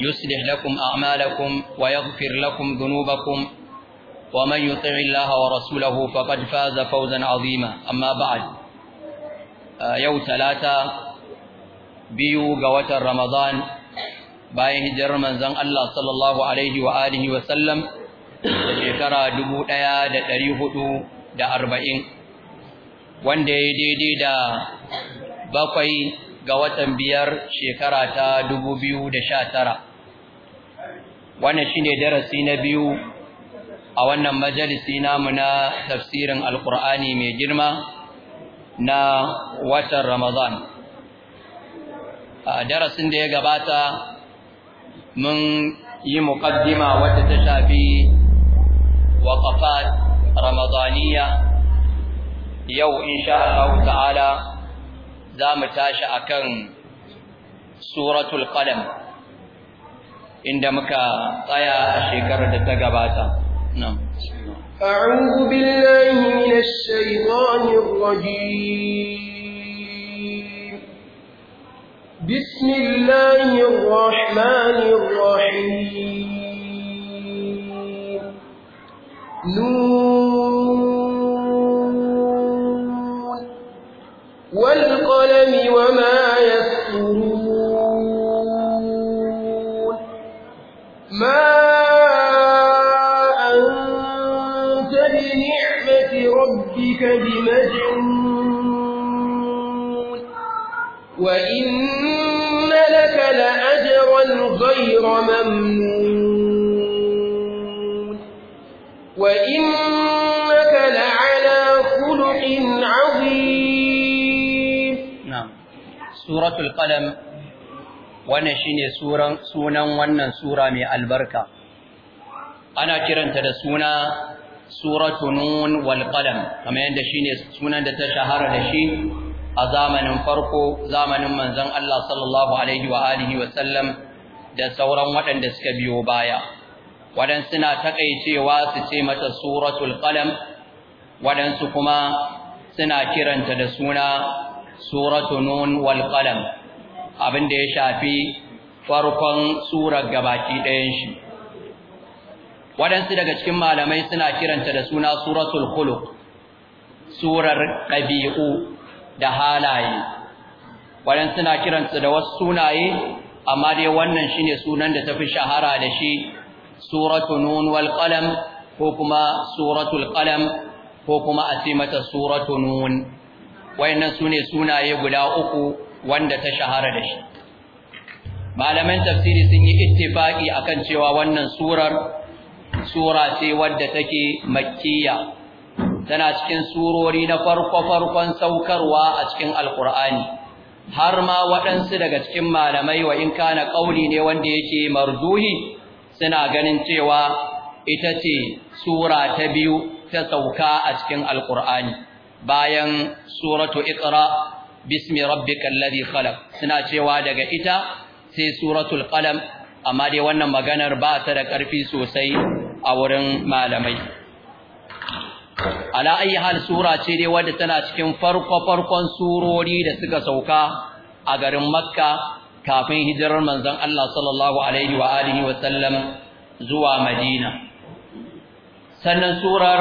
يصلح لكم أعمالكم ويغفر لكم ذنوبكم ومن يطع الله ورسوله فقد فاز فوزا عظيما أما بعد يوم ثلاثة بيو قوة رمضان bayan hijirar manzon Allah sallallahu alaihi wa alihi wa sallam da shekara 1440 wanda ya daidai da bakwai ga watan biyar shekara ta da sha tara, wannan shine darasi na biyu a wannan majalisi namu na tafsirin alkur'ani mai girma na watan ramadan a darasin da ya gabata mun yi muqaddima wadda ta shafi waqafat ramadaniya yau insha Allah ta'ala za mu tashi akan suratul qalam inda muka tsaya a shekarar da ta gabata na'am a'udhu billahi minash الشيطان rajim bismillahir rahmanir rahim nun wal والقلم وما يسطرون ما أنت بنعمة ربك بمجنون وإن لك لأجرا غير ممنون وإن suratul qalam wannan shine suran sunan wannan sura mai albarka ana kiranta da suna suratu nun wal qalam kamar yadda shine sunan da ta shahara da shi a zamanin farko zamanin manzon Allah sallallahu alaihi wa alihi wa sallam da sauran waɗanda suka biyo baya waɗansu suna taƙaicewa su ce mata suratul qalam waɗansu kuma suna kiranta da suna suratu nun wal qalam abin da ya shafi farkon surar gabaki ɗayan shi waɗansu daga cikin malamai suna kiranta da suna suratul khuluq surar ɗabi'u da halaye waɗansu suna kiranta da wasu sunaye amma dai wannan shine sunan da tafi shahara da shi suratu nun wal qalam ko kuma suratul qalam ko kuma a ce mata suratu nun wayannan sune sunaye guda uku wanda ta shahara da shi malaman tafsiri sun yi ittifaqi akan cewa wannan surar sura ce wadda take makkiya tana cikin surori na farko farkon saukarwa a cikin alqur'ani har ma waɗansu daga cikin malamai wa in kana kauli ne wanda yake marduhi suna ganin cewa ita ce sura ta biyu ta sauka a cikin alqur'ani bayan suratu iqra bismi rabbikal ladhi khalaq suna cewa daga ita sai suratul qalam amma dai wannan maganar ba ta da ƙarfi sosai a wurin malamai ala ayi hal sura ce dai wadda tana cikin farko farkon surori da suka sauka a garin makka kafin hijirar manzon Allah sallallahu alaihi wa alihi wa sallam zuwa madina sannan surar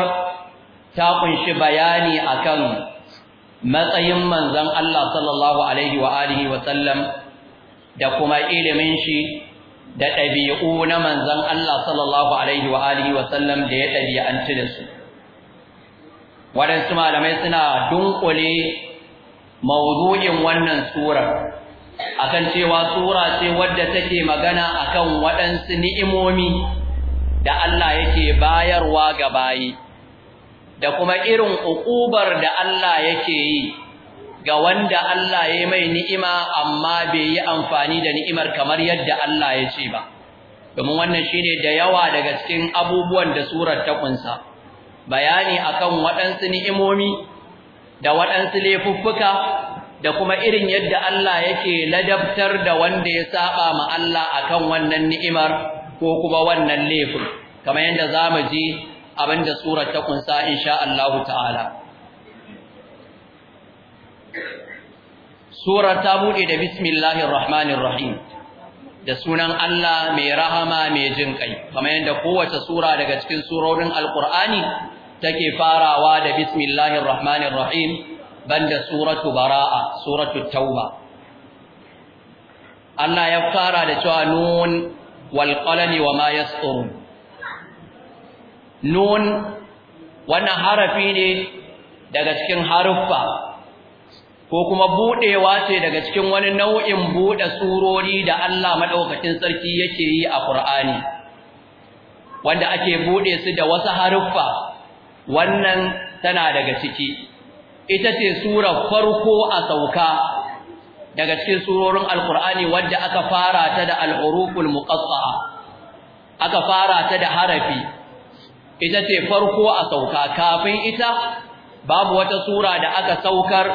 ta kunshi bayani akan matsayin manzon Allah sallallahu alaihi wa alihi wa sallam da kuma ilimin shi da ɗabi'u na manzon Allah sallallahu alaihi wa alihi wa sallam da ya an da su waɗansu malamai suna dunkule mawdu'in wannan surar akan cewa sura ce wadda take magana akan waɗansu ni'imomi da Allah yake bayarwa ga bayi da kuma irin uƙubar da Allah yake yi ga wanda Allah ya mai ni'ima amma bai yi amfani da ni'imar kamar yadda Allah ya ce ba domin wannan shine da yawa daga cikin abubuwan da surar ta kunsa bayani akan waɗansu ni'imomi da waɗansu laifuffuka da kuma irin yadda Allah yake ladabtar da wanda ya saba ma Allah akan wannan ni'imar ko kuma wannan laifin kamar yadda zamu ji abinda surar ta kunsa insha Allah ta'ala surar ta bude da bismillahir rahmanir rahim da sunan Allah mai rahama mai jin kai kamar yadda kowace sura daga cikin surorin alqur'ani take farawa da bismillahir rahmanir rahim banda suratu baraa suratu tauba Allah ya fara da cewa nun wa qalami nun wannan harafi ne daga cikin haruffa ko kuma budewa ce daga cikin wani nau'in bude surori da Allah madaukakin sarki yake yi a Qur'ani wanda ake bude su da wasu haruffa wannan tana daga ciki ita ce sura farko a sauka daga cikin surorin alqur'ani wanda aka fara ta da al-huruful muqatta'a aka fara ta da harafi ita ce farko a sauka kafin ita babu wata sura da aka saukar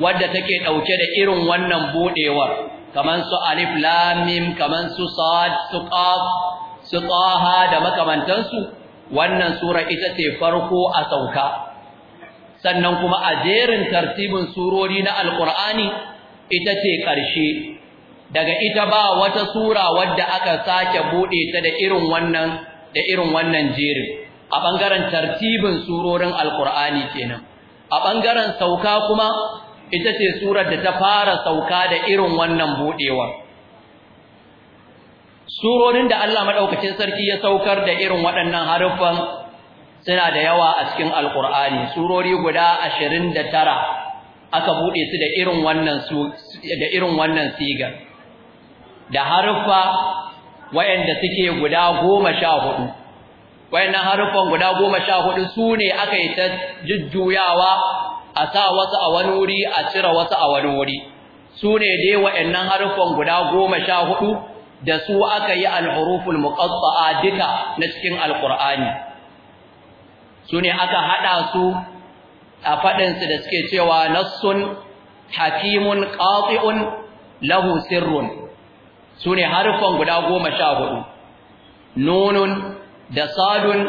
wadda take dauke da irin wannan budewar kaman su alif lam mim kaman su sad su qaf su taha da makamantansu wannan sura ita ce farko a sauka sannan kuma a jerin tartibin surori na alqur'ani ita ce ƙarshe daga ita ba wata sura wadda aka sake bude ta da irin wannan da irin wannan jerin a ɓangaren tartibin surorin alqur'ani kenan a bangaren sauka kuma ita ce surar da ta fara sauka da irin wannan budewa surorin da Allah maɗaukacin sarki ya saukar da irin waɗannan haruffan suna da yawa a cikin alqur'ani surori guda 29 aka bude su da irin wannan su da irin wannan sigar da haruffa wayanda suke guda goma sha hudu. wayannan harufan guda goma sha hudu su ne aka yi ta jujjuyawa a sa wasu a wani wuri a cire wasu a wani wuri su ne dai wayannan harufan guda goma sha hudu da su aka yi alhuruful huruful muqatta'a duka na cikin alqur'ani su ne aka haɗa su a fadin su da suke cewa nassun hakimun qati'un lahu sirrun su ne harufan guda goma sha hudu nunun da sadun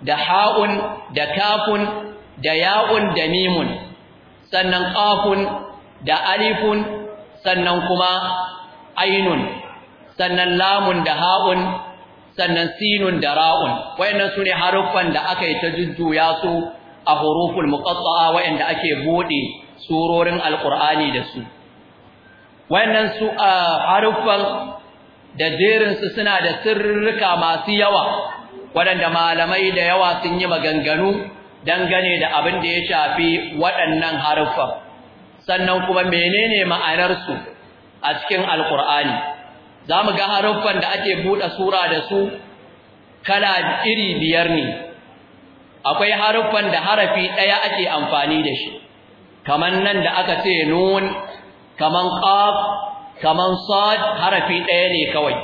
da ha'un da kafun da ya'un da mimun sannan qafun da alifun sannan kuma ainun sannan lamun da ha'un sannan sinun da ra'un wayannan sune haruffan da aka yi ta jujjuya su a huruful muqatta'a wayanda ake bude surorin alqur'ani da su wayannan su haruffan da jerin su suna da sirrika masu yawa waɗanda malamai da yawa sun yi maganganu dangane da abin da ya shafi waɗannan haruffan sannan kuma menene ma'anarsu a cikin alkur'ani za mu ga haruffan da ake buɗe sura da su kala iri biyar ne akwai haruffan da harafi ɗaya ake amfani da shi kaman nan da aka ce nun kaman ƙaf kaman sad harafi ɗaya ne kawai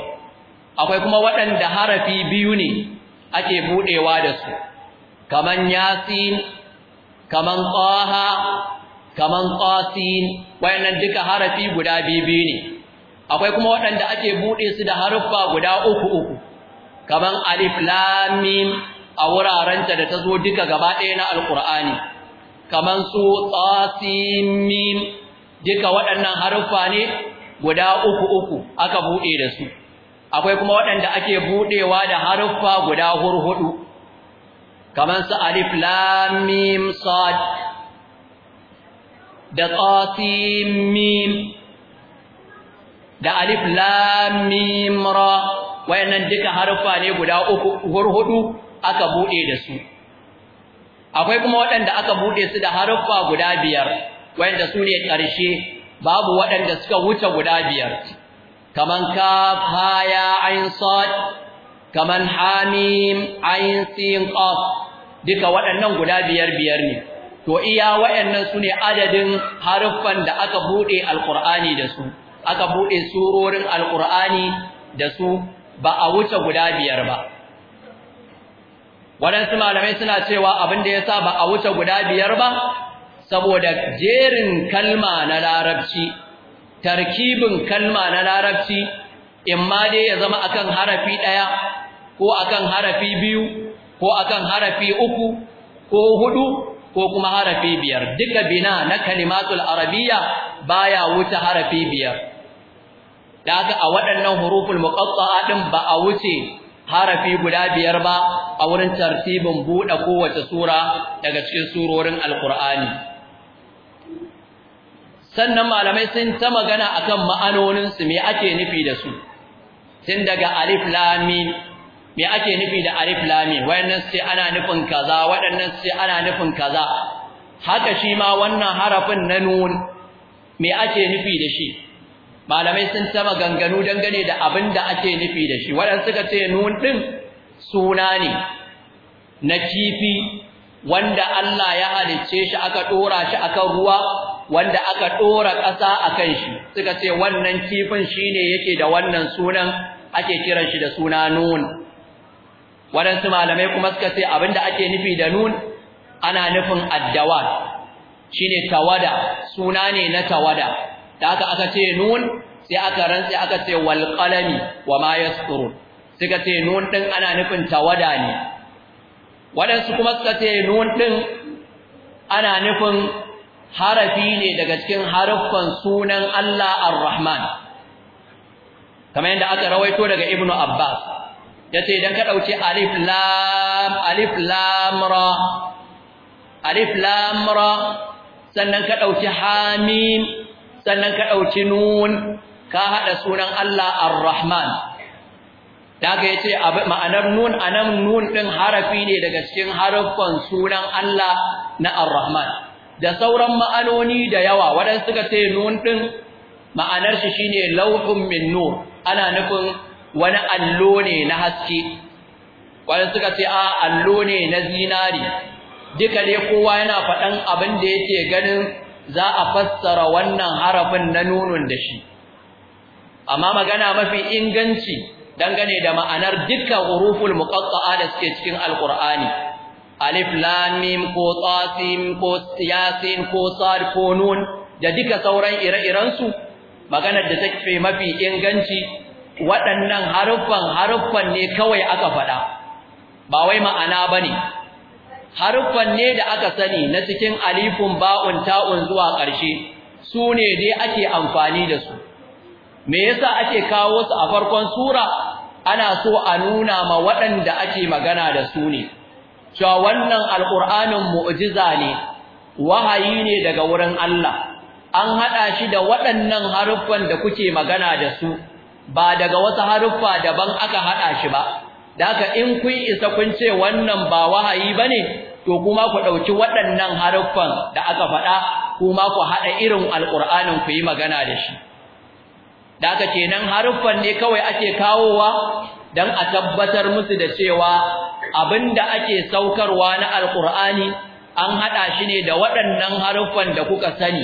akwai kuma waɗanda harafi biyu ne ake buɗewa da su kaman yasin kaman qaha kaman qasin wayannan duka harafi guda bibi ne akwai kuma waɗanda ake buɗe su da haruffa guda uku uku kaman alif lam mim a wuraren ta da tazo duka gaba ɗaya na alqur'ani kaman su qasim mim duka waɗannan haruffa ne guda uku uku aka buɗe da su akwai kuma waɗanda ake buɗewa da haruffa guda hurhudu kamar su alif lam mim sad da qasim mim da alif lam mim ra wayannan duka haruffa ne guda uku hurhudu aka buɗe da su akwai kuma waɗanda aka buɗe su da haruffa guda biyar wayanda su ne ƙarshe babu waɗanda suka wuce guda biyar kaman kaf ha ya kaman hamim ain sin qaf duka waɗannan guda biyar biyar ne to iya waɗannan sune adadin haruffan da aka bude alqur'ani da su aka bude surorin alqur'ani da su ba a wuce guda biyar ba waɗansu malamai suna cewa abin da yasa ba a wuce guda biyar ba saboda jerin kalma na larabci tarkibin kalma na larabci imma dai ya zama akan harafi ɗaya ko akan harafi biyu ko akan harafi uku ko hudu ko kuma harafi biyar duka bina na kalimatul arabiyya baya wuce harafi biyar da a waɗannan huruful muqatta'a din ba a wuce harafi guda biyar ba a wurin tartibin buɗe kowace sura daga cikin surorin alqur'ani sannan malamai sun ta magana akan ma'anonin su me ake nufi da su tun daga alif lam mim me ake nufi da alif lam mim wayannan sai ana nufin kaza su sai ana nufin kaza haka shi ma wannan harafin na nun me ake nufi da shi malamai sun ta maganganu dangane da abin da ake nufi da shi waɗanda suka ce nun ɗin suna ne na kifi wanda Allah ya halicce shi aka ɗora shi akan ruwa wanda aka dora ƙasa akan shi suka ce wannan kifin shine yake da wannan sunan ake kiran shi da suna nun waɗansu malamai kuma suka ce abinda ake nufi da nun ana nufin addawat shine tawada suna ne na tawada da aka aka ce nun sai aka rantse aka ce wal wa ma yasturun suka ce nun din ana nufin tawada ne waɗansu kuma suka ce nun din ana nufin harafi ne daga cikin haruffan sunan Allah Ar-Rahman kamar yadda aka rawaito daga Ibn Abbas yace idan ka dauki alif lam alif lam ra alif lam ra sannan ka dauki hamim sannan ka dauki nun ka hada sunan Allah Ar-Rahman daga yace ma'anar nun anan nun din harafi ne daga cikin haruffan sunan Allah na Ar-Rahman da sauran ma'anoni da yawa wadanda suka ce nun ɗin ma'anar shi shine lauhun min nur ana nufin wani allo ne na haske wadanda suka ce a allo ne na zinari duka dai kowa yana faɗan abin da yake ganin za a fassara wannan harafin na nunun da shi amma magana mafi inganci dangane da ma'anar dukkan huruful muqatta'a da suke cikin alqur'ani alif lam mim ko tasim ko yasin ko sad ko nun da duka sauran ire-iren su maganar da take mafi inganci waɗannan haruffan haruffan ne kawai aka faɗa ba wai ma'ana bane haruffan ne da aka sani na cikin alifun ba'un ta'un zuwa ƙarshe su ne dai ake amfani da su me yasa ake kawo su a farkon sura ana so a nuna ma waɗanda ake magana da su ne cewa wannan alqur'anin mu'jiza ne wahayi ne daga wurin Allah an hada shi da waɗannan haruffan da kuke magana da su ba daga wasu haruffa daban aka hada shi ba daka in kun isa kun ce wannan ba wahayi bane to kuma ku dauki waɗannan haruffan da aka faɗa kuma ku hada irin alkur'anin ku yi magana da shi da kenan haruffan ne kawai ake kawowa dan a tabbatar musu da cewa abinda ake saukarwa na alqur'ani an hada shi ne da waɗannan haruffan da kuka sani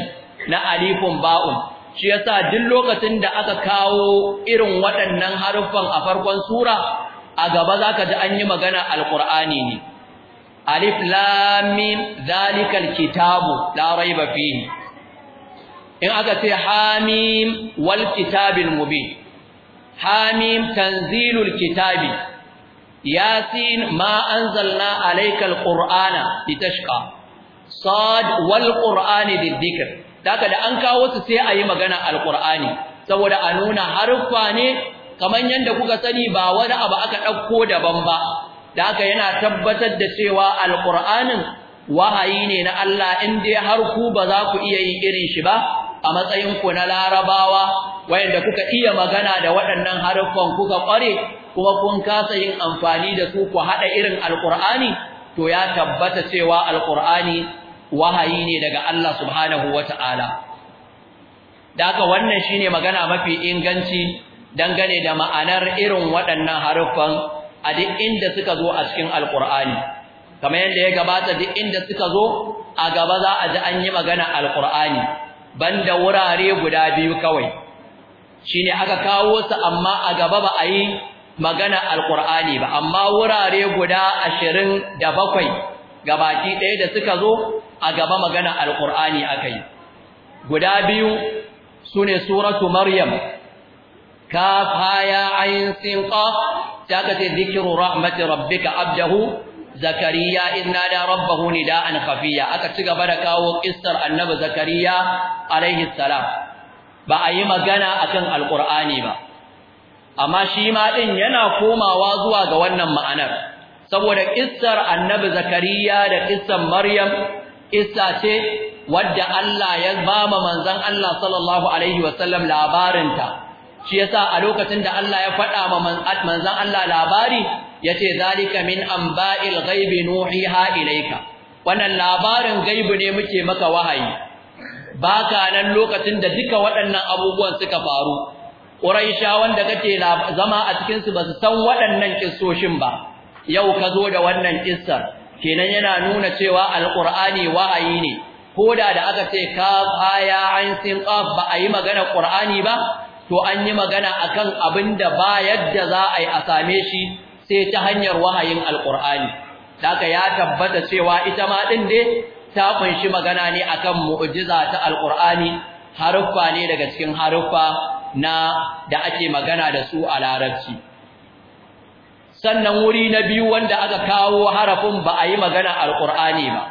na alifun ba'un shi yasa duk lokacin da aka kawo irin waɗannan haruffan a farkon sura a gaba zaka ji an yi magana alqur'ani ne alif lam mim zalikal kitabu la raiba fihi in aka ce hamim wal kitabil mubin hamim tanzilul kitabi yasin ma anzalna alayka alqur'ana litashqa sad wal qur'ani daga da an kawo su sai ayi magana alqur'ani saboda a nuna harfa ne kaman yanda kuka sani ba wani abu aka dauko daban ba daga yana tabbatar da cewa alqur'anin wahayi ne na Allah in dai har ku ba za ku iya yin irin shi ba a matsayin ku na larabawa wayanda kuka iya magana da waɗannan haruffan kuka ƙware kuma kun kasa yin amfani da su ku haɗa irin alqur'ani to ya tabbata cewa alqur'ani wahayi ne daga Allah subhanahu wata'ala da haka wannan shine magana mafi inganci dangane da ma'anar irin waɗannan haruffan a duk inda suka zo a cikin alqur'ani kamar yadda ya gabata duk inda suka zo a gaba za a ji an yi magana alqur'ani banda wurare guda biyu kawai shine aka kawo su amma a gaba ba a yi magana alqur'ani ba amma wurare guda 27 gabaki ɗaya da suka zo a gaba magana alqur'ani akai guda biyu sune suratu maryam kaf ya ayn sin qaf taka ce zikru rahmatir rabbika abdahu zakariya inna da rabbahu nida'an khafiya aka ci gaba da kawo kissar annabi zakariya alaihi salam ba a yi magana akan alqur'ani ba amma shi ma din yana komawa zuwa ga wannan ma'anar saboda kissar annabi zakariya da kissar maryam kissa ce wadda Allah ya bama ma manzon Allah sallallahu alaihi wasallam labarinta shi yasa a lokacin da Allah ya faɗa ma manzon Allah labari yace zalika min amba'il ghaibi nuhiha ilayka wannan labarin gaibi ne muke maka wahayi baka nan lokacin da duka waɗannan abubuwan suka faru ƙuraisha wanda kake zama a cikinsu ba su san waɗannan kissoshin ba yau ka zo da wannan kissar kenan yana nuna cewa alƙur'ani wa'ayi ne ko da da aka ce ka aya an sin qaf ba a yi magana ƙur'ani ba to an yi magana akan abin da ba yadda za a yi a same shi sai ta hanyar wahayin alƙur'ani da ya tabbata cewa ita ma din dai ta kunshi magana ne akan mu'jiza ta alqur'ani haruffa ne daga cikin haruffa na da ake magana da su a larabci sannan wuri na biyu wanda aka kawo harafin ba a yi magana alqur'ani ba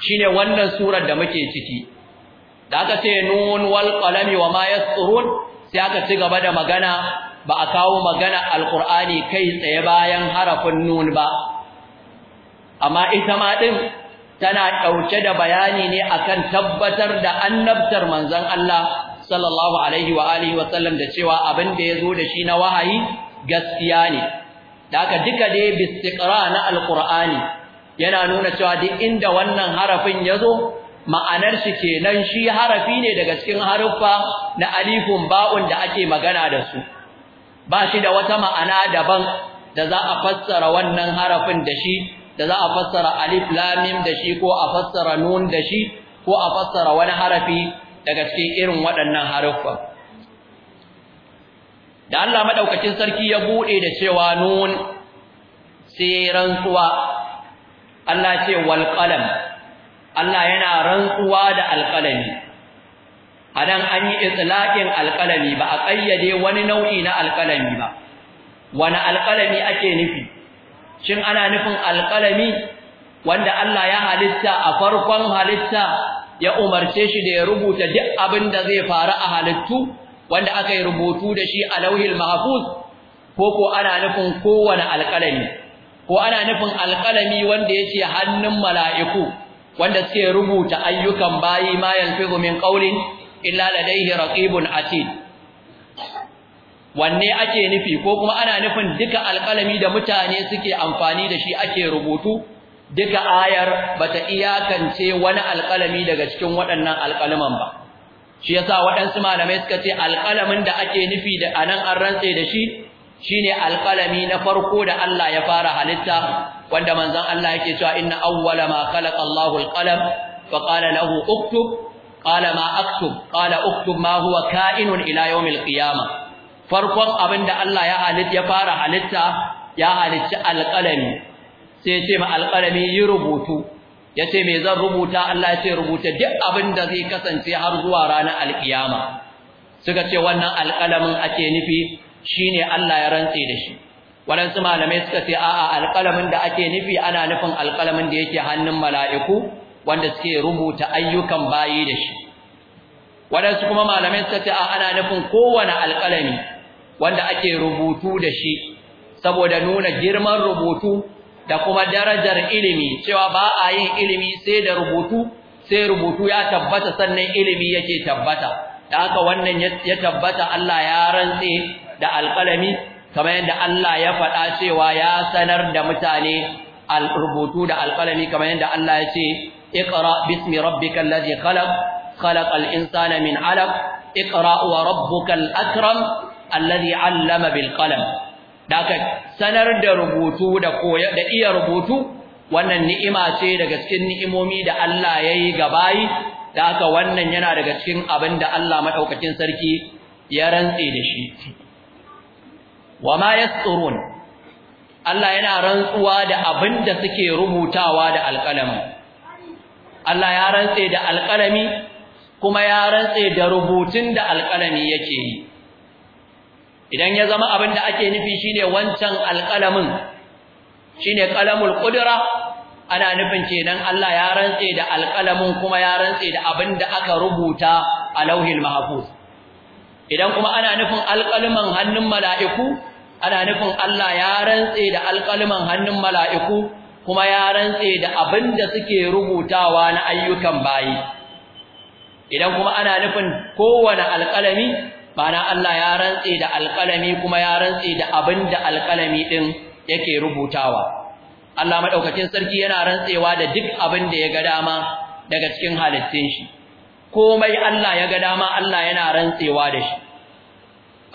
shine wannan surar da muke ciki da aka ce nun wal qalami wa ma yasrun sai aka ci gaba da magana ba a kawo magana alqur'ani kai tsaye bayan harafin nun ba amma ita ma din tana ɗauke da bayani ne akan tabbatar da annabtar manzon Allah sallallahu alaihi wa alihi wa sallam da cewa abin da yazo da shi na wahayi gaskiya ne da haka duka dai bistiqra na alqur'ani yana nuna cewa duk inda wannan harafin yazo ma'anar shi kenan shi harafi ne daga cikin haruffa na alifun ba'un da ake magana da su ba shi da wata ma'ana daban da za a fassara wannan harafin da shi da za a fassara alif lam da shi ko a fassara nun da shi ko a fassara wani harafi daga cikin irin waɗannan haruffa da Allah madaukakin sarki ya bude da cewa nun sai rantsuwa Allah ce wal qalam Allah yana rantsuwa da alqalami adan an yi itlaqin alqalami ba a kayyade wani nau'i na alqalami ba wani alqalami ake nufi shin ana nufin alƙalami wanda Allah ya halitta a farkon halitta ya umarce shi da ya rubuta duk abin da zai faru a halittu wanda aka yi rubutu da shi a lauhil mahfuz ko ko ana nufin kowane alƙalami ko ana nufin alƙalami wanda yake hannun mala'iku wanda suke rubuta ayyukan bayi ma yanfizu min qaulin illa ladayhi raqibun atid wanne ake nufi ko kuma ana nufin duka alƙalami da mutane suke amfani da shi ake rubutu duka ayar bata iyakance wani alƙalami daga cikin waɗannan alƙalaman ba shi yasa waɗansu malamai suka ce alƙalamin da ake nufi da anan an rantse da shi shine alƙalami na farko da Allah ya fara halitta wanda manzon Allah yake cewa inna awwala ma khalaqa Allahu alqalam fa qala lahu uktub qala ma aktub qala uktub ma huwa ka'inun ila yawmil qiyamah farkon abin da Allah ya halitta ya fara halitta ya halicci alƙalami sai ce ma alƙalami yi rubutu ya ce me zan rubuta Allah ya ce rubuta duk abin da zai kasance har zuwa ranar alkiyama suka ce wannan alƙalamin ake nufi shine Allah ya rantse da shi waɗansu malamai suka ce a'a alƙalamin da ake nufi ana nufin alƙalamin da yake hannun mala'iku wanda suke rubuta ayyukan bayi da shi waɗansu kuma malamai suka ce a'a ana nufin kowane alƙalami wanda ake rubutu da shi saboda nuna girman rubutu da kuma darajar ilimi cewa ba a yin ilimi sai da rubutu sai rubutu ya tabbata sannan ilimi yake tabbata da haka wannan ya tabbata Allah ya rantse da alƙalami kamar yadda Allah ya faɗa cewa ya sanar da mutane rubutu da alƙalami kamar yadda Allah ya ce iqra bismi rabbikal ladhi khalaq khalaqal insana min 'alaq iqra wa rabbukal akram alladhi allama bil qalam daga sanar da rubutu da koyar da iya rubutu wannan ni'ima ce daga cikin ni'imomi da Allah yayi ga bayi daga wannan yana daga cikin abinda da Allah madaukakin sarki ya rantse da shi Wa wama yasurun Allah yana rantsuwa da abin da suke rubutawa da alƙalami Allah ya rantse da alƙalami kuma ya rantse da rubutun da alƙalami yake yi idan ya zama abin da ake nufi shine wancan alqalamin shine qalamul qudra ana nufin kenan Allah ya rantse da alqalamin kuma ya rantse da abin da aka rubuta a lauhil mahfuz idan kuma ana nufin alqalamin hannun mala'iku ana nufin Allah ya rantse da alqalamin hannun mala'iku kuma ya rantse da abin da suke rubutawa na ayyukan bayi idan kuma ana nufin kowane alqalami bana Allah ya rantse da alƙalami kuma ya rantse da abin da alƙalami ɗin yake rubutawa Allah maɗaukacin sarki yana rantsewa da duk abin da ya ga dama daga cikin halittun shi komai Allah ya ga dama Allah yana rantsewa da shi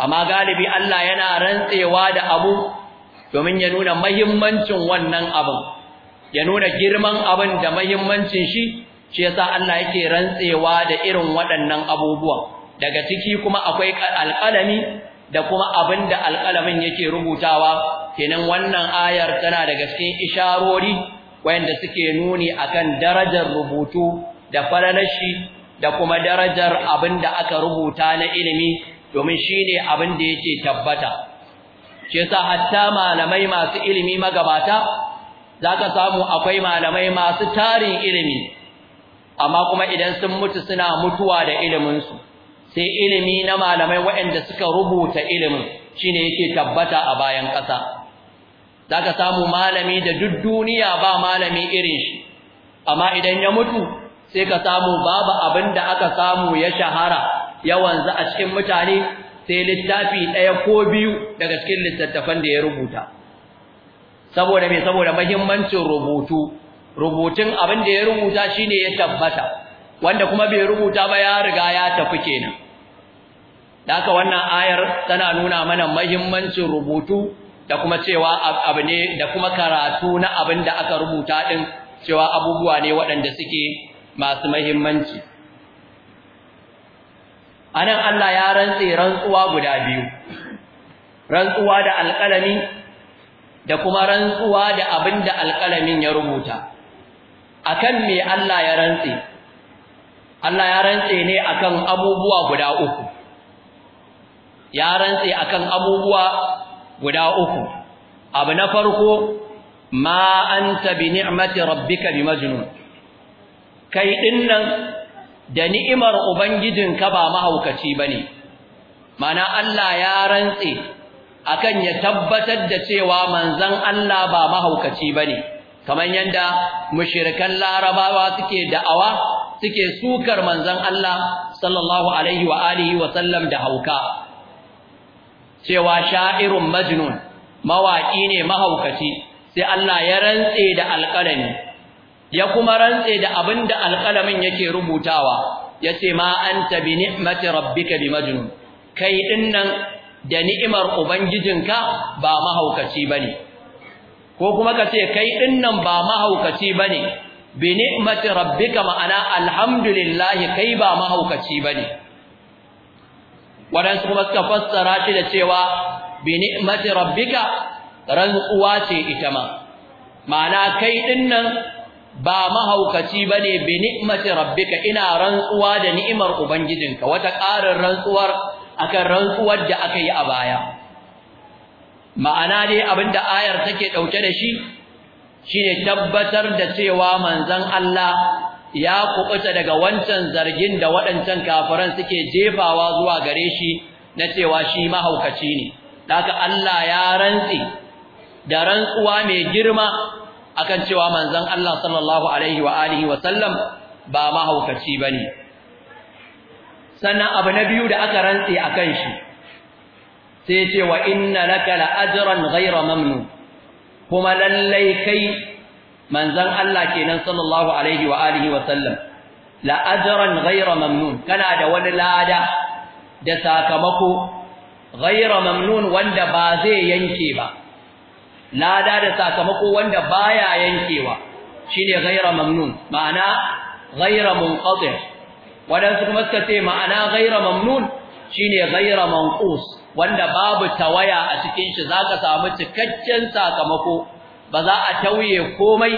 amma galibi Allah yana rantsewa da abu domin ya nuna mahimmancin wannan abin ya nuna girman abin da mahimmancin shi shi yasa Allah yake rantsewa da irin waɗannan abubuwan daga ciki kuma akwai alƙalami da kuma abinda alƙalamin yake rubutawa kenan wannan ayar tana daga cikin isharori wanda suke nuni akan darajar rubutu da falalashi da kuma darajar abinda aka rubuta na ilimi domin shine abinda yake tabbata shi yasa hatta malamai masu ilimi magabata zaka samu akwai malamai masu tarin ilimi amma kuma idan sun mutu suna mutuwa da iliminsu sai ilimi na malamai waɗanda suka rubuta ilimin shine yake tabbata a bayan ƙasa zaka samu malami da duk duniya ba malami irin shi amma idan ya mutu sai ka samu babu abin da aka samu ya shahara yawanzu a cikin mutane sai littafi ɗaya ko biyu daga cikin littattafan da ya rubuta saboda me saboda mahimmancin rubutu rubutun abin da ya rubuta shine ya tabbata wanda kuma bai rubuta ba ya riga ya tafi kenan da haka wannan ayar tana nuna mana mahimmancin rubutu da kuma cewa abu ne da kuma karatu na abin da aka rubuta din cewa abubuwa ne waɗanda suke masu mahimmanci anan Allah ya rantse rantsuwa guda biyu rantsuwa da alƙalami da kuma rantsuwa da abin da alƙalamin ya rubuta akan me Allah ya rantse Allah ya rantse ne akan abubuwa guda uku ya rantse akan abubuwa guda uku abu na farko ma anta bi ni'mati rabbika majnun kai dinnan da ni'imar ubangijin ka ba mahaukaci bane mana Allah ya rantse akan ya tabbatar da cewa manzon Allah ba mahaukaci bane kamar yanda mushrikan larabawa suke da'awa suke sukar manzon Allah sallallahu alaihi wa alihi wa sallam da hauka cewa sha'irun majnun mawaƙi ne mahaukaci sai Allah ya rantse da alƙalami ya kuma rantse da abinda alƙalamin yake rubutawa yace ma anta bi ni'mati rabbika bi majnun kai dinnan da ni'imar ubangijinka ba mahaukaci bane ko kuma kace kai dinnan ba mahaukaci bane bi ni'mati rabbika ma'ana alhamdulillah kai ba mahaukaci bane waɗansu kuma suka fassara shi da cewa bi ni'mati rabbika rantsuwa ce ita ma ma'ana kai dinnan ba mahaukaci bane bi ni'mati rabbika ina rantsuwa da ni'imar ubangijinka wata ƙarin rantsuwar akan rantsuwar da aka yi a baya ma'ana dai abinda ayar take ɗauke da shi shine tabbatar da cewa manzon Allah ya kubuta daga wancan zargin da waɗancan kafiran suke jefawa zuwa gare shi na cewa shi mahaukaci ne daga Allah ya rantsi da rantsuwa mai girma akan cewa manzon Allah sallallahu alaihi wa alihi wa sallam ba mahaukaci bane sannan abu na biyu da aka rantsi akan shi sai ce wa inna laka la ajran ghayra mamnun kuma lallai kai manzon Allah kenan sallallahu alaihi wa alihi wa sallam la ajran ghayra mamnun kana da wani lada da sakamako ghayra mamnun wanda ba zai yanke ba lada da sakamako wanda baya yankewa shine ghayra mamnun ma'ana ghayra munqati wadansu kuma suka ce ma'ana ghayra mamnun shine ghayra manqus wanda babu tawaya a cikin shi zaka samu cikakken sakamako ba za a tauye komai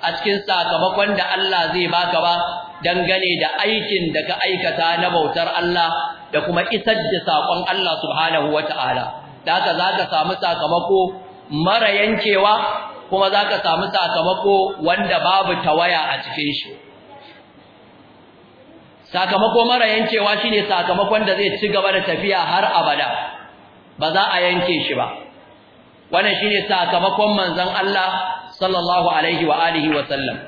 a cikin sakamakon da Allah zai baka ba dangane da aikin da ka aikata na bautar Allah da kuma isar da sakon Allah subhanahu wataala da haka ka samu sakamako mara yankewa kuma za ka samu sakamako wanda babu tawaya a cikin shi sakamako mara yankewa shine sakamakon da zai ci gaba da tafiya har abada ba za a yanke shi ba wannan shine sakamakon manzon Allah sallallahu alaihi wa alihi wa sallam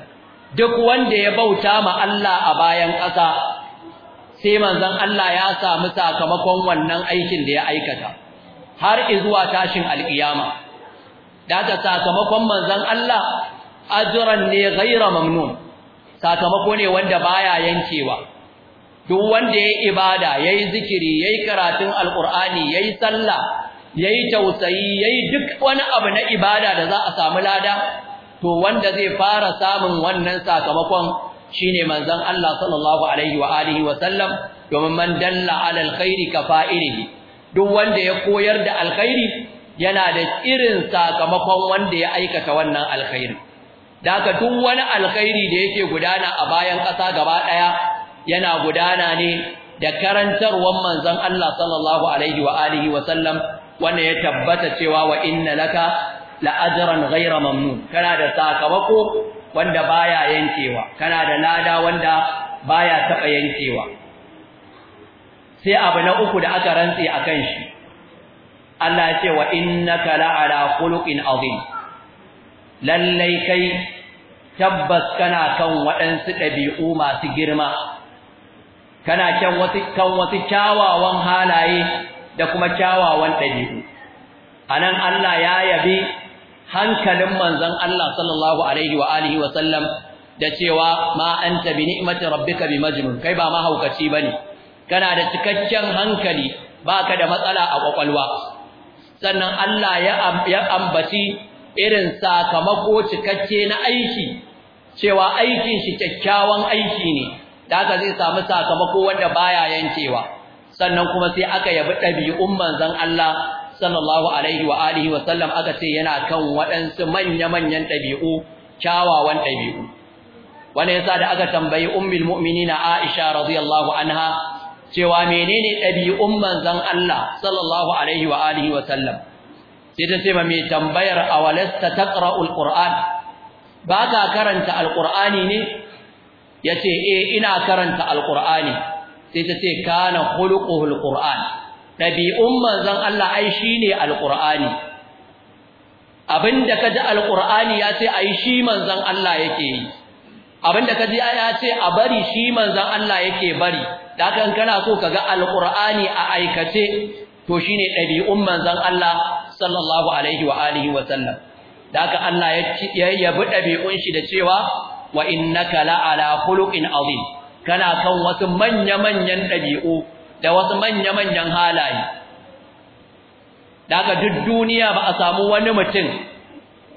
duk wanda ya bauta ma Allah a bayan ƙasa sai manzon Allah ya samu sakamakon wannan aikin da ya aikata har zuwa tashin alkiyama ta sakamakon manzon Allah ajran ne ghaira mamnun sakamako ne wanda baya yankewa duk wanda yayi ibada yayi zikiri yayi karatun alqur'ani yayi sallah yayi tausayi yayi duk wani abu na ibada da za a samu lada to wanda zai fara samun wannan sakamakon shine manzon Allah sallallahu alaihi wa alihi wa sallam domin man dalla ala alkhairi kafa'ilihi duk wanda ya koyar da alkhairi yana da irin sakamakon wanda ya aikata wannan alkhairi da ka duk wani alkhairi da yake gudana a bayan ƙasa gaba ɗaya yana gudana ne da karantarwar manzon Allah sallallahu alaihi wa alihi wa sallam wanda ya tabbata cewa wa inna laka la ajran ghayra mamnun kana da sakamako wanda baya yankewa kana da lada wanda baya taba yankewa sai abu na uku da aka rantsi akan shi Allah ya ce wa innaka la'ala khuluqin azim lallai kai tabbas kana kan waɗansu ɗabi'u masu girma kana kan wasu kan wasu kyawawan halaye da kuma kyawawan ɗabi'u anan Allah ya yabi hankalin manzon Allah sallallahu alaihi wa alihi wa sallam da cewa ma anta bi ni'mati rabbika bi majnun kai ba mahaukaci bane kana da cikakken hankali baka da matsala a kwakwalwa sannan Allah ya ambaci irin sakamako cikakke na aiki cewa aikin shi kyakkyawan aiki ne da haka zai samu sakamako wanda baya yankewa sannan kuma sai aka yabi ɗabi'un manzon Allah sallallahu alaihi wa alihi wa sallam aka ce yana kan waɗansu manya-manyan ɗabi'u kyawawan ɗabi'u wani yasa da aka tambayi ummul mu'minina Aisha radiyallahu anha cewa menene ɗabi'un manzon Allah sallallahu alaihi wa alihi wa sallam sai ta ce ma mai tambayar awalasta taqra'ul qur'an ba ka karanta alqur'ani ne yace eh ina karanta alqur'ani sai ta ce kana khuluquhul qur'an dabi'un manzon Allah ai shine alqur'ani abinda kaji alqur'ani ya ce ai shi manzon Allah yake yi abinda kaji ya ce a bari shi manzon Allah yake bari da kan kana so kaga alqur'ani a aikace to shine dabi'un manzon Allah sallallahu alaihi wa alihi wa sallam da haka Allah ya yabi dabi'un shi da cewa wa innaka la ala khuluqin azim kana kan wasu manya-manyan ɗabi'u da wasu manya-manyan halaye daga duk duniya ba a samu wani mutum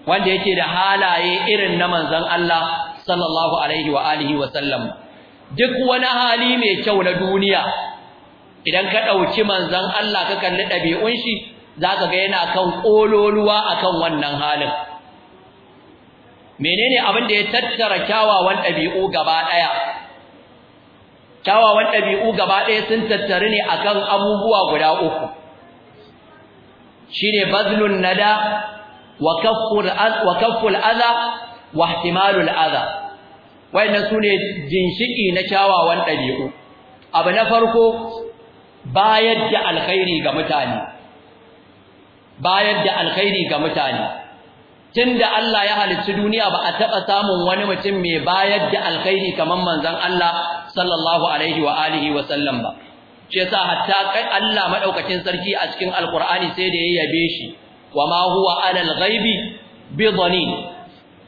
wanda yake da halaye irin na manzan Allah sallallahu alaihi wa alihi wa sallam duk wani hali mai kyau na duniya idan ka ɗauki manzan Allah ka kalli ɗabi'un shi za ka ga yana kan ƙololuwa akan wannan halin menene abin da ya tattara kyawawan ɗabi'u gaba ɗaya kyawawan ɗabi'u gaba ɗaya sun tattaru ne akan abubuwa guda uku shine bazlun nada wa kafful wa adha wa ihtimalul adha wayannan sune ginshiki na kyawawan ɗabi'u abu na farko bayar da alkhairi ga mutane bayar da alkhairi ga mutane tunda Allah ya halicci duniya ba a taba samun wani mutum mai bayar da alkhairi kamar manzon Allah sallallahu alaihi wa alihi wa sallam ba yasa hatta kai Allah madaukakin sarki a cikin alqur'ani sai da ya yabe shi wa ma huwa alal ghaibi bi dhanin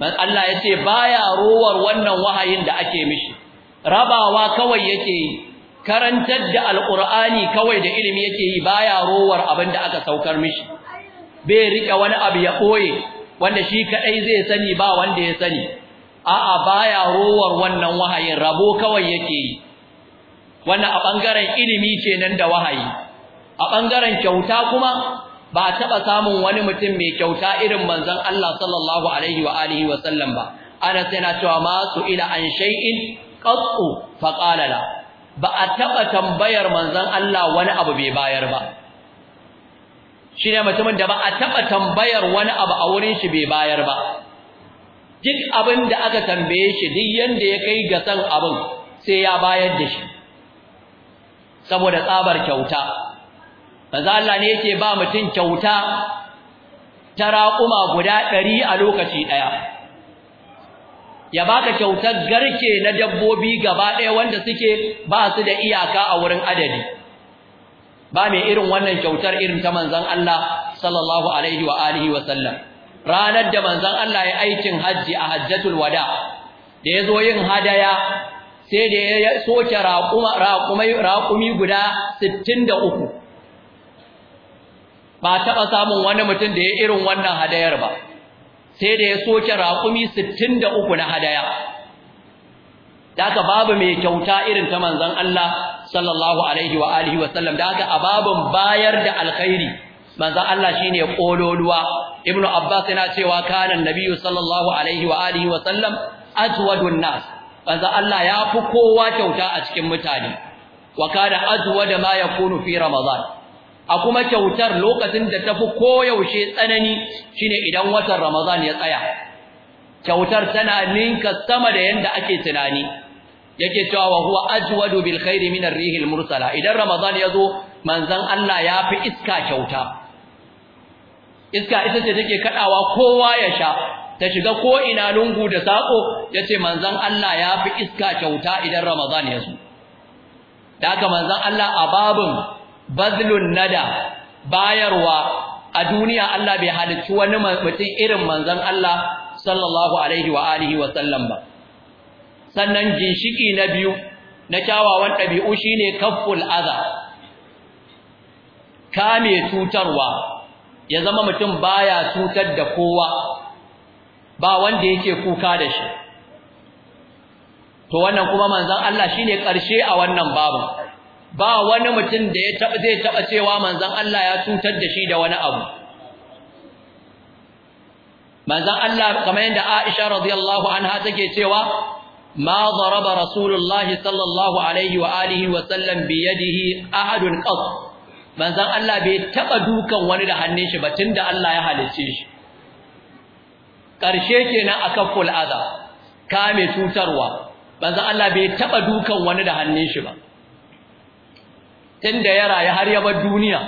Allah yace baya rowar wannan wahayin da ake mishi rabawa kawai yake yi karantar da alqur'ani kawai da ilimi yake yi baya rowar abin da aka saukar mishi bai rike wani abu ya ɓoye, wanda shi kadai zai sani ba wanda ya sani a'a baya rowar wannan wahayin rabo kawai yake yi wannan a bangaren ilimi ce da wahayi a bangaren kyauta kuma ba taba samun wani mutum mai kyauta irin manzon Allah sallallahu alaihi wa alihi wa sallam ba ana yana cewa ma su ila an shay'in qat'u fa qala la ba a taba tambayar manzon Allah wani abu bai bayar ba shine mutumin da ba a taba tambayar wani abu a wurin shi bai bayar ba duk abin da aka tambaye shi duk yanda ya kai ga san abin sai ya bayar da shi saboda tsabar kyauta manzo Allah ne yake ba mutum kyauta ta raƙuma guda ɗari a lokaci ɗaya ya baka kyautar garke na dabbobi gaba ɗaya wanda suke ba su da iyaka a wurin adadi ba mai irin wannan kyautar irin ta manzon Allah sallallahu alaihi wa alihi wa sallam ranar da manzon Allah ya aikin hajji a hajjatul wada da ya zo yin hadaya sai da ya soke raƙumi guda 63 ba taɓa samun wani mutum da ya irin wannan hadayar ba sai da ya soke raƙumi uku na hadaya daga babu mai kyauta irin ta manzon Allah sallallahu alaihi wa alihi wa sallam daga bayar da alkhairi manzon Allah shine kololuwa ibnu abbas yana cewa kana nabiyyu sallallahu alaihi wa alihi wa sallam ajwadun nas manzon Allah ya fi kowa kyauta a cikin mutane wa kana ajwada ma yakunu fi ramadan a kuma kyautar lokacin da tafi koyaushe tsanani shine idan watan ramadan ya tsaya kyautar tana ninka sama da yanda ake tunani yake cewa wa huwa ajwadu bil khairi min ar-rihil mursala idan ramadan yazo manzon Allah ya fi iska kyauta iska ita ce take kadawa kowa ya sha ta shiga ko ina lungu da sako yace manzon Allah ya fi iska kyauta idan Ramadan ya zo da haka manzon Allah a babun bazlun nada bayarwa a duniya Allah bai halicci wani mutum irin manzon Allah sallallahu alaihi wa alihi wa sallam ba sannan ginshiki na biyu na kyawawan ɗabi'u shine kafful adha kame tutarwa ya zama mutum baya cutar da kowa ba wanda yake kuka da shi to wannan kuma manzon Allah shine karshe a wannan babu ba wani mutum da ya taba zai taba cewa manzon Allah ya cutar da shi da wani abu manzon Allah kamar yadda Aisha radiyallahu anha take cewa ma daraba rasulullahi sallallahu alaihi wa alihi wa sallam bi yadihi ahadun manzon Allah bai taba dukan wani da hannun shi ba tunda Allah ya halice shi karshe kenan akaful adha kame tutarwa manzon Allah bai taba dukan wani da hannun shi ba tunda ya rayu har ya bar duniya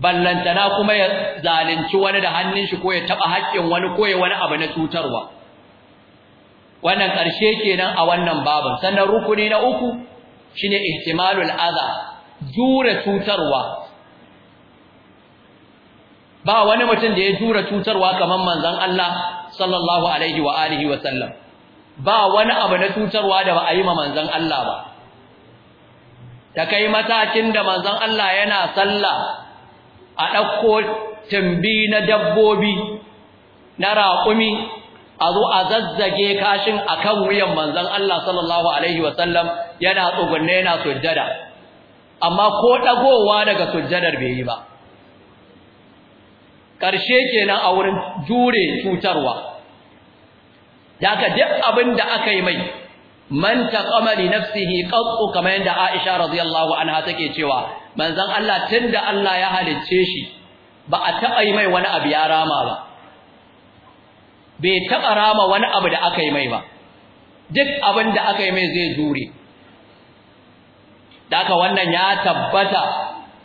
ballantana kuma ya zalunci wani da hannun shi ko ya taba haƙƙin wani ko ya wani abu na cutarwa wannan ƙarshe kenan a wannan babu sannan rukuni na uku shine ihtimalul adha jure cutarwa ba wani mutum da ya jure cutarwa kamar manzon Allah sallallahu alaihi wa alihi wa sallam ba wani abu na cutarwa da ba a yi ma manzon Allah ba ta kai matakin da manzon Allah yana sallah a ɗauko tambi na dabbobi na raƙumi a zo a zazzage kashin akan wuyan manzon Allah sallallahu alaihi wa sallam yana tsugunne yana sujjada amma ko dagowa daga sujjadar bai yi ba karshe kenan a wurin jure cutarwa daga duk abin da aka yi mai man taqama li nafsihi qattu kama yanda Aisha radiyallahu anha take cewa manzon Allah tunda Allah ya halicce shi ba a taɓa yi mai wani abu ya rama ba bai taba rama wani abu da aka yi mai ba duk abin da aka yi mai zai jure daka wannan ya tabbata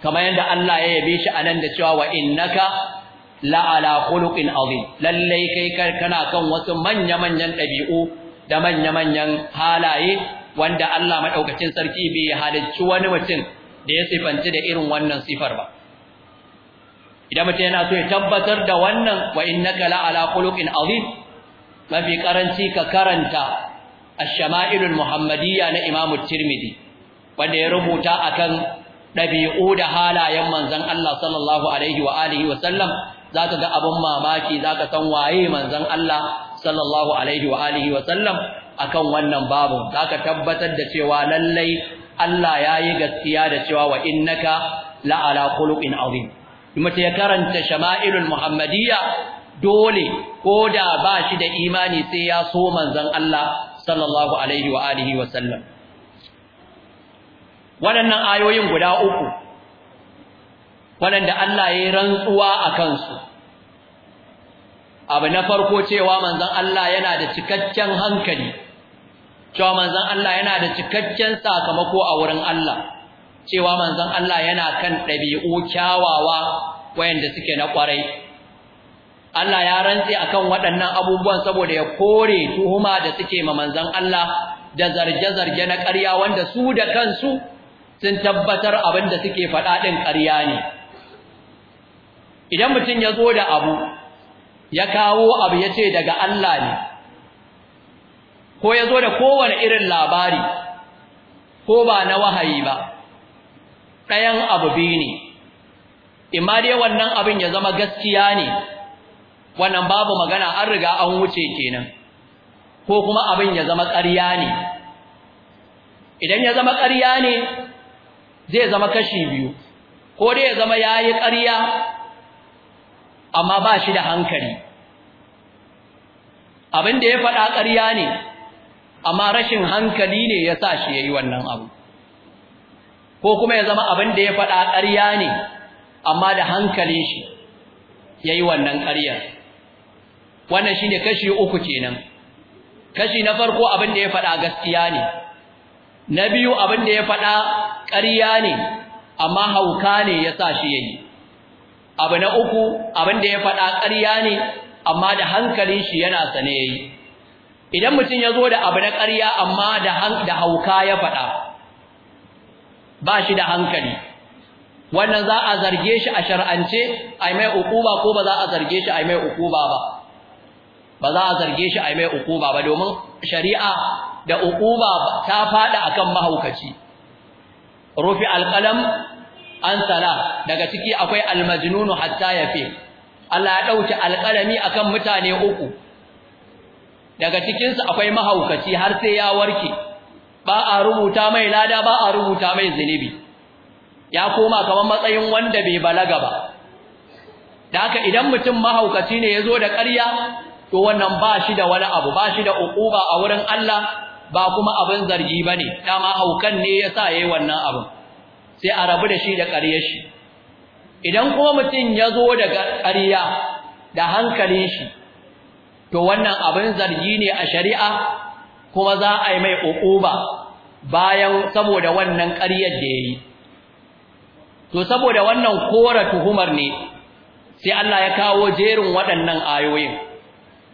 kamar yadda Allah ya yabe shi anan da cewa wa innaka la ala khuluqin azim lalle kai kana kan wasu manya manyan dabi'u da manya manyan halaye wanda Allah madaukakin sarki bai halicci wani mutum da ya sifanci da irin wannan sifar ba idan mutum yana so ya tabbatar da wannan wa innaka la ala khuluqin azim mafi karanci ka karanta ash-shama'ilul muhammadiyya na Imam Tirmidhi wanda ya rubuta akan ɗabi'u da halayen manzon Allah sallallahu alaihi wa alihi wa sallam zaka ga abun mamaki zaka san waye manzon Allah sallallahu alaihi wa alihi wa sallam akan wannan babu zaka tabbatar da cewa lallai Allah yayi gaskiya da cewa wa innaka la ala khuluqin azim kuma ya karanta shama'ilul muhammadiyya dole ko da ba shi da imani sai ya so manzon Allah sallallahu alaihi wa alihi wa sallam waɗannan ayoyin guda uku waɗanda Allah ya yi rantsuwa a kansu abu na farko cewa manzon Allah yana da cikakken hankali cewa manzon Allah yana da cikakken sakamako a wurin Allah cewa manzon Allah yana kan ɗabi'u kyawawa wayanda suke na ƙwarai Allah ya rantse akan waɗannan abubuwan saboda ya kore tuhuma da suke ma manzon Allah da zarge-zarge na ƙarya wanda su da kansu sun tabbatar abin da suke faɗa ɗin ƙarya ne idan mutum ya zo da abu ya kawo abu ya ce daga Allah ne ko ya zo da kowane irin labari ko ba na wahayi ba ɗayan abu biyu ne imma dai wannan abin ya zama gaskiya ne wannan babu magana an riga an wuce kenan ko kuma abin ya zama ƙarya ne idan ya zama ƙarya ne zai zama kashi biyu ko dai ya zama yayi ƙarya amma ba shi da hankali abin ya faɗa ƙarya ne amma rashin hankali ne ya sa shi yayi wannan abu ko kuma ya zama abin ya faɗa ƙarya ne amma da hankalin shi yayi wannan ƙaryar wannan shine kashi uku kenan kashi na farko abin ya faɗa gaskiya ne na biyu abinda ya faɗa ƙarya ne amma hauka ne ya sa shi yayi abu na uku abin da ya faɗa ƙarya ne amma da hankalin shi yana sane yayi idan mutum ya zo da abu na ƙarya amma da hauka ya faɗa ba shi da hankali wannan za a zarge shi a shar'ance ai mai ukuba ko ba za a zarge shi ai mai ukuba ba ba za a zarge shi ai mai ukuba ba domin shari'a da ukuba ta faɗa akan mahaukaci rufi alqalam an sala daga ciki akwai almajnunu hatta yafi Allah ya dauke alqalami akan mutane uku daga cikin su akwai mahaukaci har sai ya warke ba a rubuta mai lada ba a rubuta mai zunubi ya koma kamar matsayin wanda bai balaga ba da haka idan mutum mahaukaci ne yazo da ƙarya to wannan ba shi da wani abu ba shi da uquba a wurin Allah ba kuma abin zargi ba ne, dama haukan ne yasa yayi wannan abin sai a rabu da shi da ƙaryar shi idan kuma mutum ya zo daga ƙarya da hankalin shi to wannan abin zargi ne a shari'a kuma za a yi mai uquba bayan saboda wannan ƙaryar da yayi to saboda wannan kora tuhumar ne sai Allah ya kawo jerin waɗannan ayoyin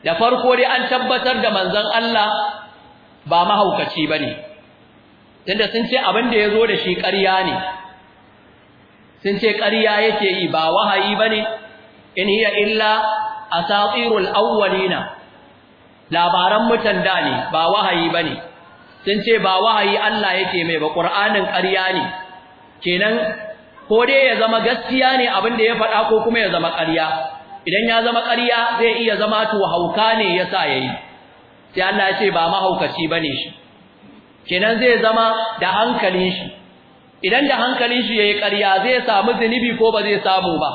da farko dai an tabbatar da manzon Allah ba mahaukaci ba ne. tunda sun ce abin da ya zo da shi ƙarya ne sun ce ƙarya yake yi ba wahayi ba ne. in hiya illa a asatirul awwalina labaran mutan da ne ba wahayi ba ne. sun ce ba wahayi Allah yake mai ba ƙur'anin ƙarya ne kenan ko dai ya zama gaskiya ne abin da ya faɗa ko kuma ya zama ƙarya idan ya zama ƙarya zai iya zama to hauka ne ya sa ya yi. sai Allah ya ce ba mahaukaci bane shi kenan zai zama da hankalin shi idan da hankalin shi yayi ƙarya zai samu zinubi ko ba zai samu ba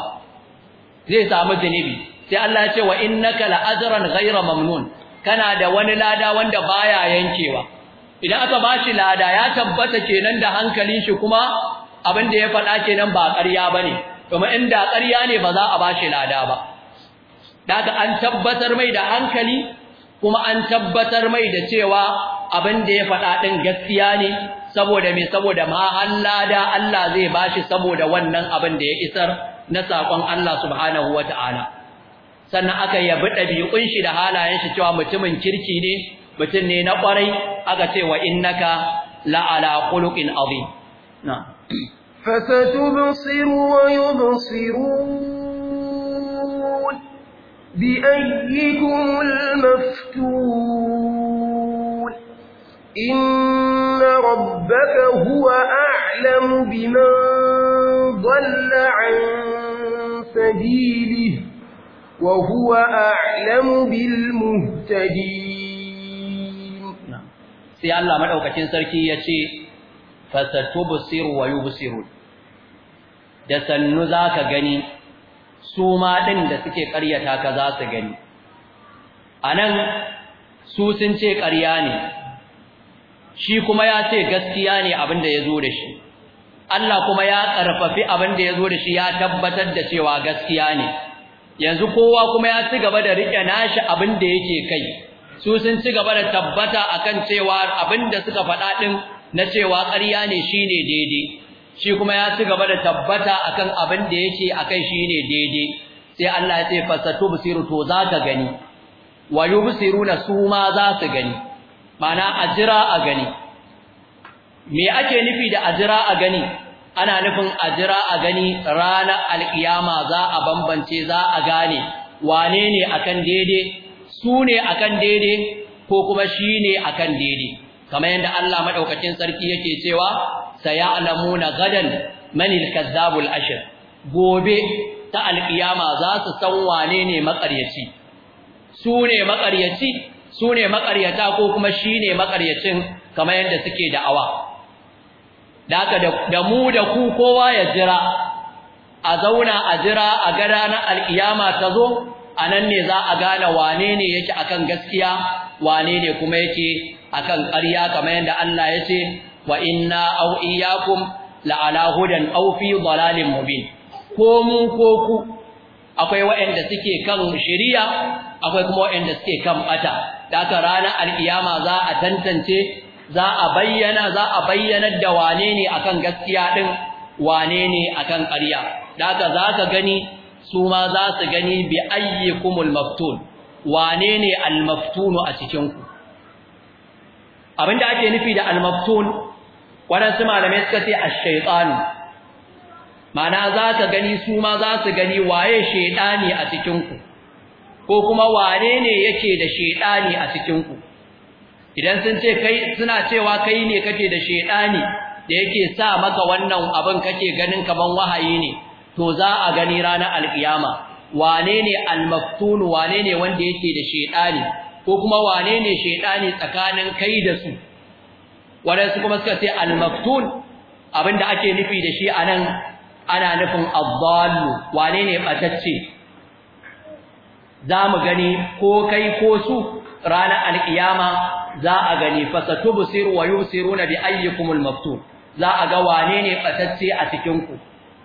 zai samu zinubi sai Allah ya ce wa innaka ajran ghayra mamnun kana da wani lada wanda baya yankewa idan aka bashi lada ya tabbata kenan da hankalin shi kuma abin da ya faɗa kenan ba ƙarya bane kuma inda ƙarya ne ba za a ba shi lada ba daga an tabbatar mai da hankali kuma an tabbatar mai da cewa abin da ya faɗa ɗin gaskiya ne saboda mai saboda ma Allah da Allah zai ba shi saboda wannan abin da ya isar na saƙon Allah subhanahu wa ta'ala sannan aka yabi ɗabi'un shi da halayen shi cewa mutumin kirki ne mutum ne na ƙwarai aka ce wa innaka la'ala khuluqin azim na fasatubsiru wa yubsirun بأيكم المفتون إن ربك هو أعلم بمن ضل عن سبيله وهو أعلم بالمهتدين sai Allah madaukakin sarki yace fasatubsiru wa yubsirun da sannu zaka gani su ma ɗin da suke ƙaryata ka za su gani a nan su sun ce ƙarya ne shi kuma ya ce gaskiya ne abin da ya zo da shi Allah kuma ya ƙarfafi abin da ya zo da shi ya tabbatar da cewa gaskiya ne yanzu kowa kuma ya ci gaba da riƙe nashi abin da yake kai su sun ci gaba da tabbata akan cewa abin da suka faɗa ɗin na cewa ƙarya ne shine daidai shi kuma ya ci gaba da tabbata akan abin da yake akai shine daidai sai Allah ya ce fasatu basiru to zaka gani wa yubsiruna su ma za su gani mana ajira a gani me ake nufi da ajira a gani ana nufin ajira a gani rana alkiyama za a bambance za a gane wane ne akan daidai su ne akan daidai ko kuma shi ne akan daidai kamar yadda Allah madaukakin sarki yake cewa na gadan manil kazzabul ashir gobe ta alƙiyama za su san wane ne makaryaci su ne maƙaryaci su ne maƙaryata ko kuma shi ne maƙaryacin kamar yadda suke da awa. da mu da ku kowa ya jira a zauna a jira a ga ranar alkiyama ta zo a nan ne za a gane wane ne yake akan gaskiya wane ne kuma yake akan ƙarya kamar yadda Allah ya ce wa inna aw iyyakum la ala hudan aw fi dalalin mubin ko mu ko ku akwai waɗanda suke kan shari'a akwai kuma waɗanda suke kan bata da ranar alkiyama za a tantance za a bayyana za a bayyanar da wane ne akan gaskiya din wane ne akan ƙarya da haka za ka gani su ma za su gani bi ayyikumul maftun wane ne al maftunu a cikin ku abinda ake nufi da al maftun waɗansu malamai suka ce ash-shaytanu mana za ka gani su ma za su gani waye shaydani a cikinku ko kuma wane ne yake da shaydani a cikinku idan sun ce suna cewa kai ne kake da shaydani da yake sa maka wannan abin kake ganin kaman wahayi ne to za a gani ranar alkiyama wane ne almaftun wane ne wanda yake da shaydani ko kuma wane ne tsakanin kai da su waɗansu kuma suka ce al-maftun abinda ake nufi da shi anan ana nufin adallu wane ne batacce za mu gani ko kai ko su ranar alkiyama za a gani fasatubsiru wa na bi ayyikumul maftun za a ga wane ne batacce a cikin ku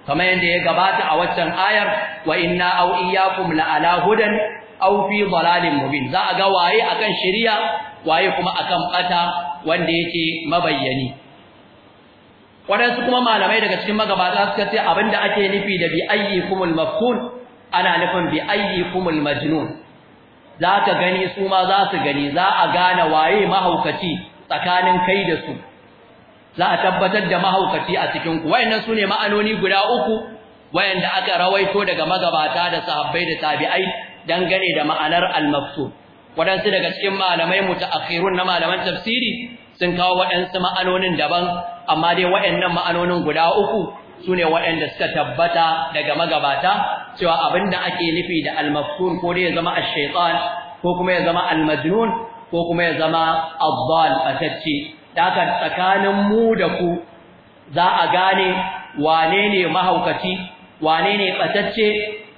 kamar yadda ya gabata a waccan ayar wa inna aw iyyakum la ala hudan aw fi dalalin mubin za a ga waye akan shari'a waye kuma akan bata wanda yake mabayyani wadansu kuma malamai daga cikin magabata suka ce abinda ake nufi da bi ayyikumul maftun ana nufin bi ayyikumul majnun za ka gani su ma za su gani za a gane waye mahaukaci tsakanin kai da su za a tabbatar da mahaukaci a cikin ku wayannan sune ma'anoni guda uku wayanda aka rawaito daga magabata da sahabbai da tabi'ai dangane da ma'anar al-maftun waɗansu daga cikin malamai mutaakhirun na malaman tafsiri sun kawo waɗansu ma'anonin daban amma dai waɗannan ma'anonin guda uku sune waɗanda suka tabbata daga magabata cewa abinda ake nufi da al maftu ko dai ya zama ash-shaytan ko kuma ya zama al-majnun ko kuma ya zama ad dhal atacci daga tsakanin mu da ku za a gane wane ne mahaukaci wane ne batacce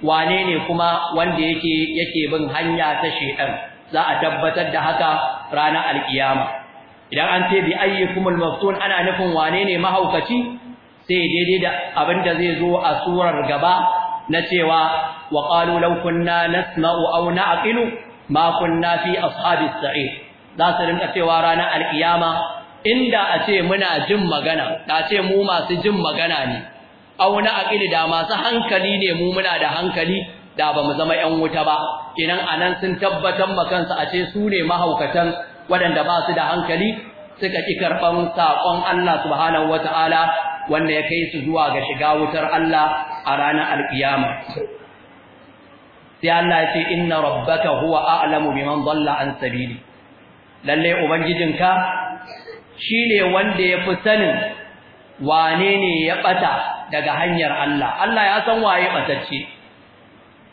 wane ne kuma wanda yake yake bin hanya ta shedan za a tabbatar da haka ranar alkiyama idan an ce bi ayyukumul maftun ana nufin wane ne mahaukaci sai daidai da abin da zai zo a surar gaba na cewa wa qalu law kunna nasma'u aw na'qilu ma kunna fi ashabis sa'ir za su rinka cewa ranar alkiyama inda a ce muna jin magana da ce mu masu jin magana ne auna aqili da masu hankali ne mu muna da hankali da bamu zama ƴan wuta ba idan anan sun tabbatar makansu a ce su ne mahaukatan waɗanda ba su da hankali suka ki karban sakon Allah subhanahu wataala wanda ya kai su zuwa ga shiga wutar Allah a ranar alkiyama sai Allah ya ce inna rabbaka huwa a'lamu biman dalla an sabili lalle ubangijinka shine wanda ya fi sanin wane ne ya bata daga hanyar Allah Allah ya san waye batacce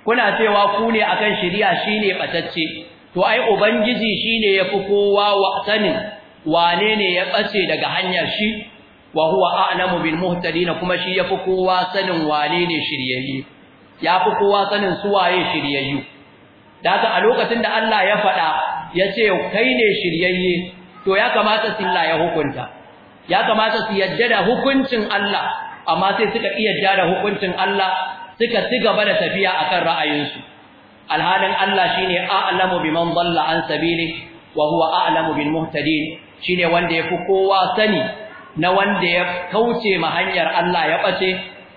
kuna cewa ku ne akan shari'a shine batacce to ai ubangiji shine yafi kowa wa sanin wane ne ya bace daga hanyar shi wa huwa a'lamu bil muhtadin kuma shi yafi kowa sanin wane ne shiryayye yafi kowa sanin su waye shiryayyu daga a lokacin da Allah ya faɗa ya ce kai ne shiryayye to ya kamata sallah ya hukunta ya kamata su yadda da hukuncin Allah amma sai suka iya da hukuncin Allah suka ci gaba da tafiya akan ra'ayinsu alhalin Allah shine a'lamu biman dalla an sabili wa huwa a'lamu bil muhtadin shine wanda yafi kowa sani na wanda ya kauce ma hanyar Allah ya bace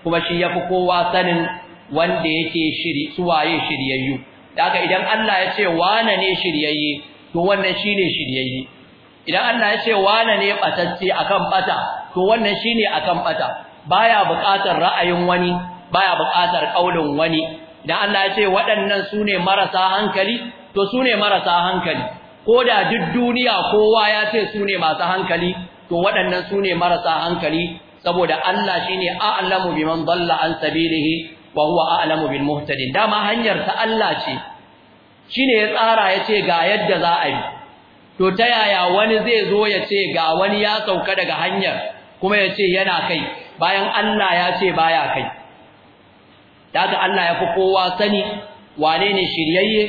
kuma shi yafi kowa sanin wanda yake shiri suwaye shiryayyu daga idan Allah ya ce wane ne shiryayye to wannan shine shiryayye idan Allah ya ce wane ne batacce akan bata to wannan shine akan bata baya buƙatar ra'ayin wani baya buƙatar kaulin wani idan Allah ya ce waɗannan sune marasa hankali to sune marasa hankali ko da duk duniya kowa ya ce sune masu hankali to waɗannan sune marasa hankali saboda Allah shine a'lamu biman dalla an sabilihi wa huwa a'lamu bil muhtadin dama hanyar ta Allah ce shine ya tsara yace ga yadda za a yi to ta yaya wani zai zo ya ce ga wani ya sauka daga hanyar kuma ya ce yana kai bayan Allah ya ce baya kai daga Allah ya fi kowa sani wane ne shiryayye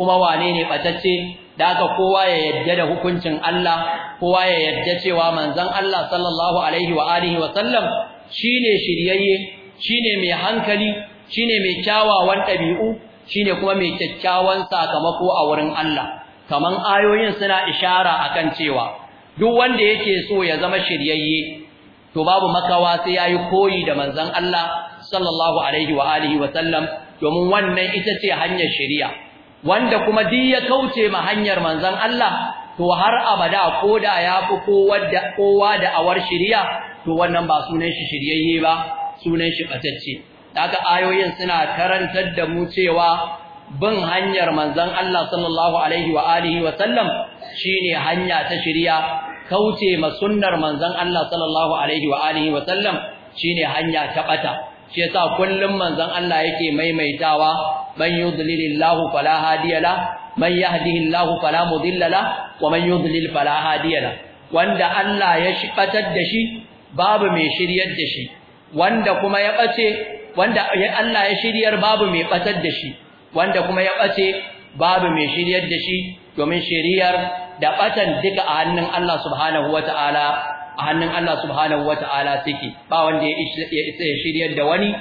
kuma wane ne batacce daga kowa ya yadda da hukuncin Allah kowa ya yadda cewa manzon Allah sallallahu alaihi wa alihi wa sallam shine shiryayye shine mai hankali shine mai kyawawan ɗabi'u shine kuma mai kyakkyawan sakamako a wurin Allah kaman ayoyin suna ishara akan cewa duk wanda yake so ya zama shiryayye to babu makawa sai yayi koyi da manzon Allah sallallahu alaihi wa alihi wa sallam domin wannan ita ce hanyar shari'a wanda kuma duk ya kauce ma hanyar manzon Allah to har abada koda ya fi kowa da kowa da awar shari'a to wannan ba sunan shi shiryayye ba sunan shi batacce haka ayoyin suna karantar da mu cewa bin hanyar manzon Allah sallallahu alaihi wa alihi wa sallam shine hanya ta shirya, kauce ma sunnar manzon Allah sallallahu alaihi wa alihi wa sallam shine hanya ta bata shi yasa kullum manzon Allah yake maimaitawa man yudlilillahu fala hadiya la man yahdihillahu fala mudilla wa man yudlil fala hadiyala wanda Allah ya shibatar da shi babu mai shiryar da shi wanda kuma ya bace wanda Allah ya shiryar babu mai batar da shi wanda kuma ya bace babu mai shiryar da shi domin shiriyar da batan duka a hannun Allah subhanahu wataala a hannun Allah subhanahu wataala take ba wanda ya isa ya shiryar da wani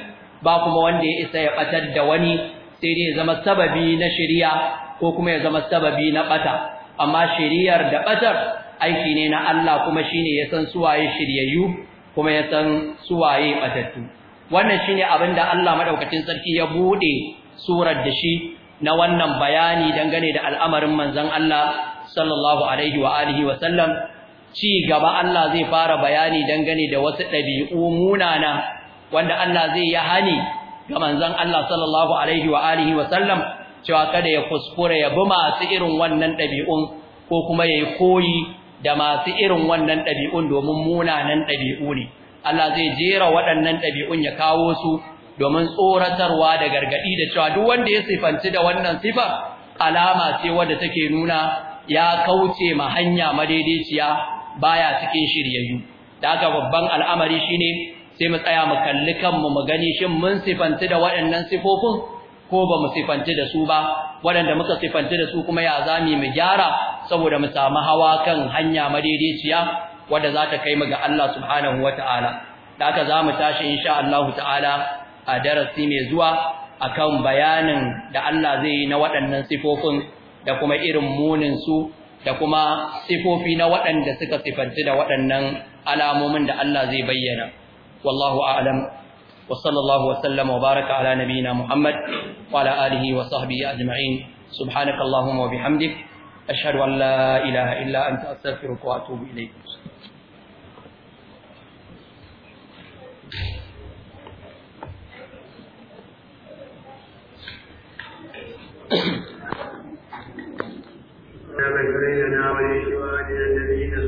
ba kuma wanda ya isa ya batar da wani sai dai ya zama sababi na shiriya ko kuma ya zama sababi na bata amma shiriyar da batar aiki ne na Allah kuma shine ya san suwaye shiryayyu kuma ya san suwaye batattu wannan shine abin da Allah madaukakin sarki ya bude surar da shi na wannan bayani dangane da al'amarin manzon Allah sallallahu alaihi wa alihi wa sallam ci gaba Allah zai fara bayani dangane da wasu ɗabi'u munana wanda Allah zai yi hani ga manzon Allah sallallahu alaihi wa alihi wa sallam cewa kada ya kuskure ya bi masu irin wannan ɗabi'un ko kuma ya yi koyi da masu irin wannan ɗabi'un domin munanan ɗabi'u ne Allah zai jera waɗannan ɗabi'un ya kawo su domin tsoratarwa da gargadi da cewa duk wanda ya sifanci da wannan sifar alama ce wadda take nuna ya kauce ma hanya madaidaiciya baya cikin shiryayyu da haka babban al'amari shine sai mu tsaya mu kalli kanmu mu gani shin mun sifanci da waɗannan sifofin ko ba mu sifanci da su ba waɗanda muka sifanci da su kuma ya zami mu gyara saboda mu samu hawa kan hanya madaidaiciya wadda za ta kai mu ga Allah subhanahu wataala da haka za mu tashi insha Allah ta'ala a darasi mai zuwa a kan bayanin da Allah zai yi na waɗannan sifofin da kuma irin munin su da kuma sifofi na waɗanda suka sifanci da waɗannan alamomin da Allah zai bayyana wallahu a'lam wa sallallahu wa sallama wa baraka ala nabiyyina Muhammad wa ala alihi wa sahbihi ajma'in subhanaka wa bihamdik ashhadu an la ilaha illa anta astaghfiruka wa atubu ilayk من